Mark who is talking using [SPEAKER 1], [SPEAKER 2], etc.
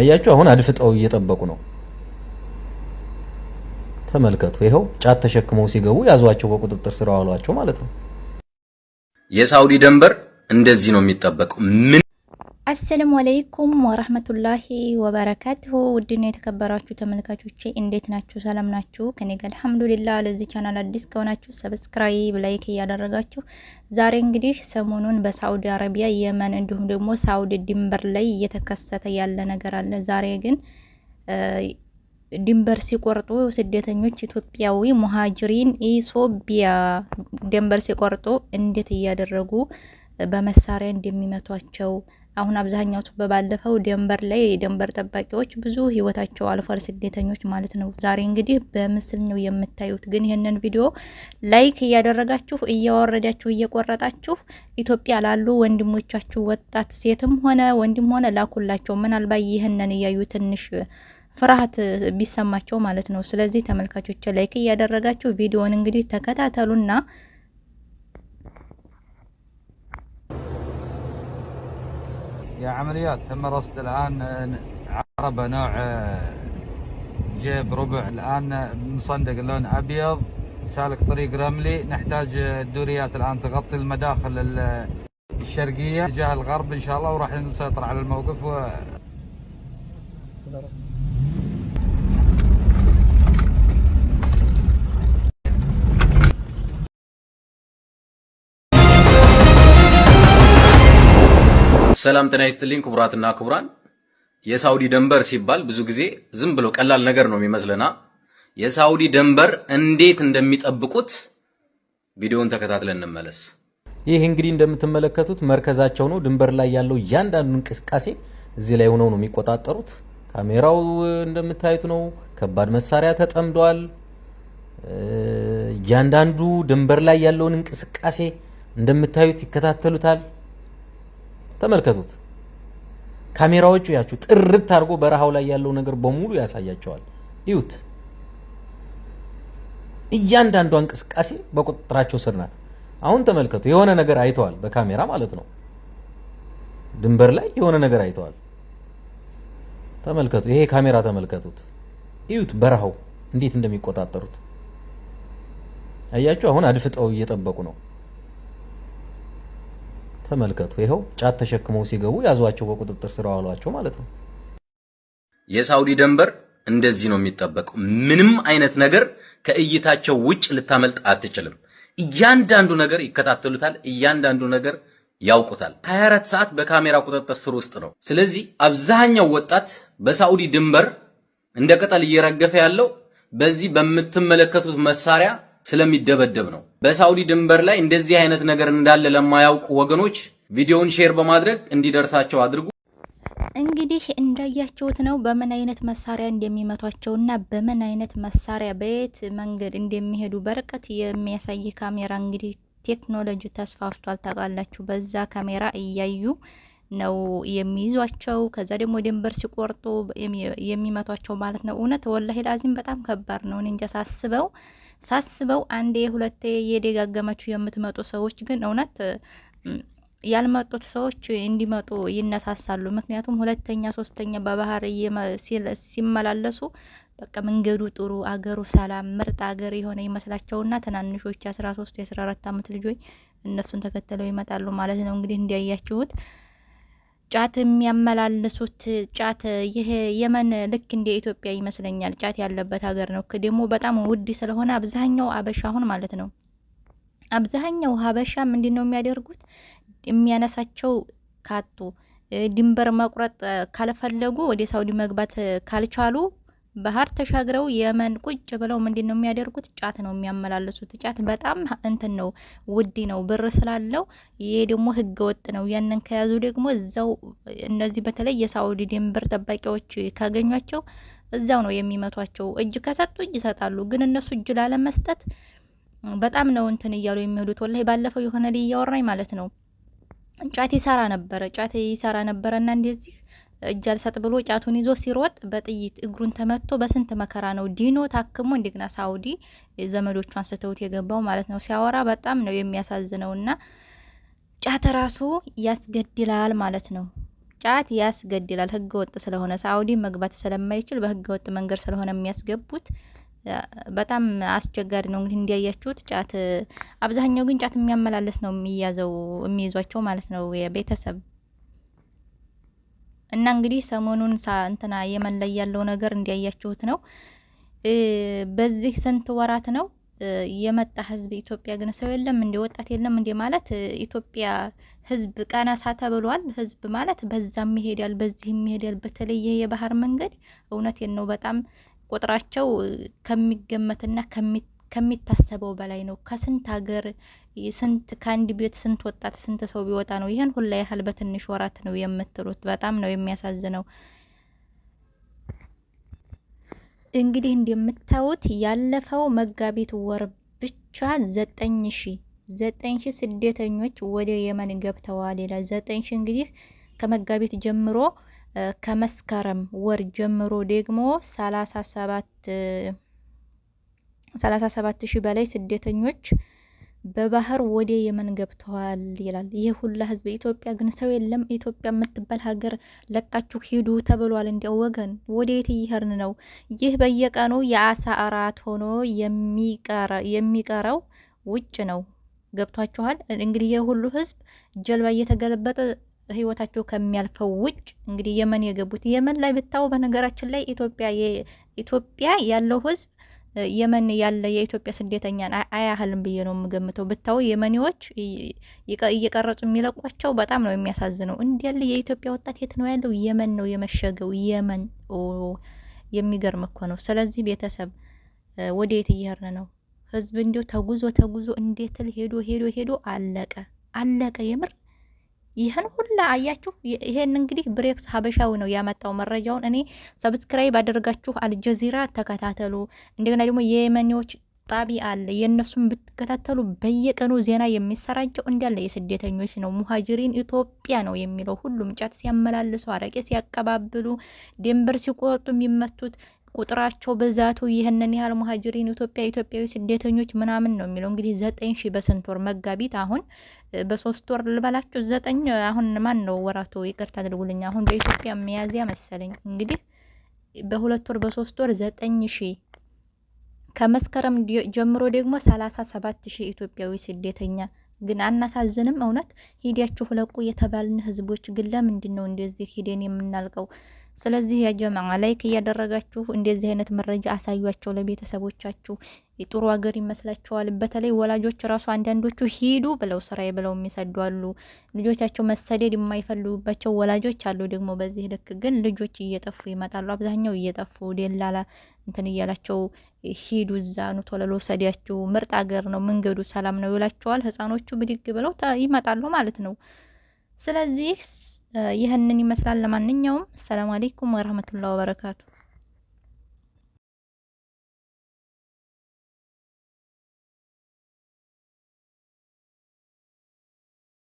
[SPEAKER 1] አያችሁ፣ አሁን አድፍጠው እየጠበቁ ነው። ተመልከቱ። ይኸው ጫት ተሸክመው ሲገቡ ያዟቸው፣ በቁጥጥር ስር አዋሏቸው ማለት ነው።
[SPEAKER 2] የሳውዲ ደንበር እንደዚህ ነው የሚጠበቀው።
[SPEAKER 3] አሰላሙ አለይኩም ወራህመቱላሂ ወበረካቱሁ ውድና የተከበራችሁ ተመልካቾቼ እንዴት ናችሁ? ሰላም ናችሁ? ከኔ ጋር አልሐምዱሊላህ። ለዚህ ቻናል አዲስ ከሆናችሁ ሰብስክራይብ፣ ላይክ እያደረጋችሁ ዛሬ እንግዲህ ሰሞኑን በሳዑዲ አረቢያ፣ የመን እንዲሁም ደግሞ ሳዑዲ ድንበር ላይ እየተከሰተ ያለ ነገር አለ። ዛሬ ግን ድንበር ሲቆርጡ ስደተኞች ኢትዮጵያዊ ሙሃጅሪን ኢሶቢያ ድንበር ሲቆርጡ እንዴት እያደረጉ በመሳሪያ እንደሚመቷቸው አሁን አብዛኛው በባለፈው ደንበር ላይ የደንበር ጠባቂዎች ብዙ ህይወታቸው አልፏል፣ ስደተኞች ማለት ነው። ዛሬ እንግዲህ በምስል ነው የምታዩት። ግን ይህንን ቪዲዮ ላይክ እያደረጋችሁ እያወረዳችሁ እየቆረጣችሁ ኢትዮጵያ ላሉ ወንድሞቻችሁ ወጣት ሴትም ሆነ ወንድም ሆነ ላኩላቸው። ምናልባት ይህንን እያዩ ትንሽ ፍርሃት ቢሰማቸው ማለት ነው። ስለዚህ ተመልካቾች ላይክ እያደረጋችሁ ቪዲዮን እንግዲህ ተከታተሉና
[SPEAKER 4] يا عمليات تم رصد الان آه، عربه نوع آه، جيب ربع الان مصندق لون ابيض سالك طريق رملي نحتاج آه، الدوريات الان تغطي المداخل الشرقيه اتجاه الغرب ان شاء الله وراح نسيطر على الموقف و...
[SPEAKER 2] ሰላም ጤና ይስጥልኝ ክቡራትና ክቡራን። የሳውዲ ደንበር ሲባል ብዙ ጊዜ ዝም ብሎ ቀላል ነገር ነው የሚመስለና የሳውዲ ደንበር እንዴት እንደሚጠብቁት ቪዲዮን ተከታትለን እንመለስ።
[SPEAKER 1] ይህ እንግዲህ እንደምትመለከቱት መርከዛቸው ነው። ድንበር ላይ ያለው እያንዳንዱ እንቅስቃሴ እዚህ ላይ ሆነው ነው የሚቆጣጠሩት። ካሜራው እንደምታዩት ነው። ከባድ መሳሪያ ተጠምደዋል። እያንዳንዱ ድንበር ላይ ያለውን እንቅስቃሴ እንደምታዩት ይከታተሉታል። ተመልከቱት። ካሜራዎቹ ያችሁ ጥርት አድርጎ በረሃው ላይ ያለው ነገር በሙሉ ያሳያቸዋል። ይዩት። እያንዳንዷ እንቅስቃሴ በቁጥጥራቸው ስር ናት። አሁን ተመልከቱ። የሆነ ነገር አይተዋል፣ በካሜራ ማለት ነው። ድንበር ላይ የሆነ ነገር አይተዋል። ተመልከቱ። ይሄ ካሜራ ተመልከቱት፣ እዩት። በረሃው እንዴት እንደሚቆጣጠሩት አያችሁ። አሁን አድፍጠው እየጠበቁ ነው። ተመልከቱ። ይኸው ጫት ተሸክመው ሲገቡ ያዟቸው፣ በቁጥጥር ስር አዋሏቸው ማለት ነው።
[SPEAKER 2] የሳውዲ ደንበር እንደዚህ ነው የሚጠበቀው። ምንም አይነት ነገር ከእይታቸው ውጭ ልታመልጥ አትችልም። እያንዳንዱ ነገር ይከታተሉታል። እያንዳንዱ ነገር ያውቁታል። 24 ሰዓት በካሜራ ቁጥጥር ስር ውስጥ ነው። ስለዚህ አብዛኛው ወጣት በሳውዲ ድንበር እንደ ቅጠል እየረገፈ ያለው በዚህ በምትመለከቱት መሳሪያ ስለሚደበደብ ነው። በሳውዲ ድንበር ላይ እንደዚህ አይነት ነገር እንዳለ ለማያውቁ ወገኖች ቪዲዮውን ሼር በማድረግ እንዲደርሳቸው አድርጉ።
[SPEAKER 3] እንግዲህ እንዳያችሁት ነው በምን አይነት መሳሪያ እንደሚመቷቸውና በምን አይነት መሳሪያ በየት መንገድ እንደሚሄዱ በርቀት የሚያሳይ ካሜራ እንግዲህ ቴክኖሎጂ ተስፋፍቷል ታውቃላችሁ። በዛ ካሜራ እያዩ ነው የሚይዟቸው። ከዛ ደግሞ ድንበር ሲቆርጡ የሚመቷቸው ማለት ነው። እውነት ወላሂ ላዚም በጣም ከባድ ነው። እኔ እንጃ ሳስበው ሳስበው አንዴ ሁለቴ እየደጋገማችሁ የምትመጡ ሰዎች ግን እውነት ያልመጡት ሰዎች እንዲመጡ ይነሳሳሉ። ምክንያቱም ሁለተኛ ሶስተኛ በባህር ሲመላለሱ በቃ መንገዱ ጥሩ፣ አገሩ ሰላም፣ ምርጥ አገር የሆነ ይመስላቸውና ትናንሾች የአስራ ሶስት የአስራ አራት አመት ልጆች እነሱን ተከትለው ይመጣሉ ማለት ነው። እንግዲህ እንዲያያችሁት ጫት የሚያመላልሱት ጫት ይሄ የመን ልክ እንደ ኢትዮጵያ ይመስለኛል ጫት ያለበት ሀገር ነው። ደግሞ በጣም ውድ ስለሆነ አብዛኛው አበሻ አሁን ማለት ነው አብዛኛው ሀበሻ ምንድን ነው የሚያደርጉት የሚያነሳቸው ካጡ ድንበር መቁረጥ ካልፈለጉ ወደ ሳውዲ መግባት ካልቻሉ ባህር ተሻግረው የመን ቁጭ ብለው ምንድን ነው የሚያደርጉት? ጫት ነው የሚያመላልሱት። ጫት በጣም እንትን ነው፣ ውድ ነው፣ ብር ስላለው። ይሄ ደግሞ ህገ ወጥ ነው። ያንን ከያዙ ደግሞ እዛው እነዚህ በተለይ የሳውዲ ድንበር ጠባቂዎች ካገኟቸው እዛው ነው የሚመቷቸው። እጅ ከሰጡ እጅ ይሰጣሉ። ግን እነሱ እጅ ላለመስጠት በጣም ነው እንትን እያሉ የሚሄዱት። ወላሂ ባለፈው የሆነ ልጅ እያወራኝ ማለት ነው ጫት ይሰራ ነበረ ጫት ይሰራ ነበረ እና እንደዚህ እጅ አልሰጥ ብሎ ጫቱን ይዞ ሲሮጥ በጥይት እግሩን ተመቶ በስንት መከራ ነው ዲኖ ታክሞ እንደገና ሳውዲ ዘመዶቹ አንስተውት የገባው ማለት ነው። ሲያወራ በጣም ነው የሚያሳዝነው። እና ጫት ራሱ ያስገድላል ማለት ነው። ጫት ያስገድላል፣ ህገ ወጥ ስለሆነ ሳውዲ መግባት ስለማይችል በህገ ወጥ መንገድ ስለሆነ የሚያስገቡት በጣም አስቸጋሪ ነው። እንግዲህ እንዲያያችሁት ጫት አብዛኛው ግን ጫት የሚያመላልስ ነው የሚያዘው የሚይዟቸው ማለት ነው የቤተሰብ እና እንግዲህ ሰሞኑን እንትና የመን ላይ ያለው ነገር እንዲያያችሁት ነው። በዚህ ስንት ወራት ነው የመጣ ህዝብ ኢትዮጵያ ግን ሰው የለም እንደ ወጣት የለም እንደ ማለት ኢትዮጵያ ህዝብ ቀነሳ ተብሏል። ህዝብ ማለት በዛም ይሄዳል፣ በዚህም ይሄዳል። በተለየ የባህር መንገድ እውነቴን ነው በጣም ቁጥራቸው ከሚገመትና ከሚ ከሚታሰበው በላይ ነው። ከስንት ሀገር ስንት ከአንድ ቤት ስንት ወጣት ስንት ሰው ቢወጣ ነው ይህን ሁላ ያህል በትንሽ ወራት ነው የምትሉት? በጣም ነው የሚያሳዝነው። እንግዲህ እንደምታዩት ያለፈው መጋቢት ወር ብቻ ዘጠኝ ሺ ዘጠኝ ሺ ስደተኞች ወደ የመን ገብተዋል ይላል። ዘጠኝ ሺ እንግዲህ ከመጋቢት ጀምሮ ከመስከረም ወር ጀምሮ ደግሞ ሰላሳ ሰባት 37 ሺህ በላይ ስደተኞች በባህር ወደ የመን ገብተዋል ይላል። ይህ ሁላ ህዝብ ኢትዮጵያ ግን ሰው የለም። ኢትዮጵያ የምትባል ሀገር ለቃችሁ ሂዱ ተብሏል። እንዲያው ወገን ወደ የት እየሄድን ነው? ይህ በየቀኑ የአሳ አራት ሆኖ የሚቀረው ውጭ ነው። ገብቷችኋል? እንግዲህ ይህ ሁሉ ህዝብ ጀልባ እየተገለበጠ ህይወታቸው ከሚያልፈው ውጭ እንግዲህ የመን የገቡት የመን ላይ ብታው በነገራችን ላይ ኢትዮጵያ ኢትዮጵያ ያለው ህዝብ የመን ያለ የኢትዮጵያ ስደተኛን አያህልም ብዬ ነው የምገምተው። ብታው የመኒዎች እየቀረጹ የሚለቋቸው በጣም ነው የሚያሳዝነው። እንዲ ያለ የኢትዮጵያ ወጣት የት ነው ያለው? የመን ነው የመሸገው። የመን የሚገርም እኮ ነው። ስለዚህ ቤተሰብ ወደ የት እየሄድን ነው? ህዝብ እንዲሁ ተጉዞ ተጉዞ እንዴትል ሄዶ ሄዶ ሄዶ አለቀ አለቀ የምር ይህን ሁላ አያችሁ። ይሄን እንግዲህ ብሬክስ ሀበሻዊ ነው ያመጣው መረጃውን። እኔ ሰብስክራይብ አድርጋችሁ አልጀዚራ ተከታተሉ። እንደገና ደግሞ የየመኒዎች ጣቢ አለ የእነሱን ብትከታተሉ በየቀኑ ዜና የሚሰራጨው እንዳለ የስደተኞች ነው። ሙሀጅሪን ኢትዮጵያ ነው የሚለው ሁሉም ጫት ሲያመላልሱ፣ አረቄ ሲያቀባብሉ፣ ድንበር ሲቆርጡ የሚመቱት ቁጥራቸው በዛቱ ይህንን ያህል መሀጅሪን ኢትዮጵያ ኢትዮጵያዊ ስደተኞች ምናምን ነው የሚለው እንግዲህ ዘጠኝ ሺህ በስንት ወር መጋቢት አሁን በሶስት ወር ልበላችሁ ዘጠኝ አሁን ማን ነው ወራቶ ይቅርታ አድርጉልኝ አሁን በኢትዮጵያ ሚያዝያ መሰለኝ እንግዲህ በሁለት ወር በሶስት ወር ዘጠኝ ሺህ ከመስከረም ጀምሮ ደግሞ ሰላሳ ሰባት ሺህ ኢትዮጵያዊ ስደተኛ ግን አናሳዝንም? እውነት ሂዲያችሁ ለቁ የተባልን ህዝቦች ግን ለምንድን ነው እንደዚህ ሂደን የምናልቀው? ስለዚህ ያጀማ ላይክ እያደረጋችሁ እንደዚህ አይነት መረጃ አሳዩቸው ለቤተሰቦቻችሁ። ጥሩ ሀገር ይመስላችኋል። በተለይ ወላጆች ራሱ አንዳንዶቹ ሂዱ ብለው ስራዬ ብለው የሚሰዱ አሉ። ልጆቻቸው መሰደድ የማይፈልጉባቸው ወላጆች አሉ። ደግሞ በዚህ ልክ ግን ልጆች እየጠፉ ይመጣሉ። አብዛኛው እየጠፉ ደላላ እንትን እያላቸው ሂዱ እዛ ኑ ቶሎ ሰዲያችሁ፣ ምርጥ ሀገር ነው፣ መንገዱ ሰላም ነው ይላቸዋል። ህጻኖቹ ብድግ ብለው ይመጣሉ ማለት ነው። ስለዚህ ይህንን ይመስላል። ለማንኛውም አሰላሙ አሌይኩም ወረህመቱላ ወበረካቱ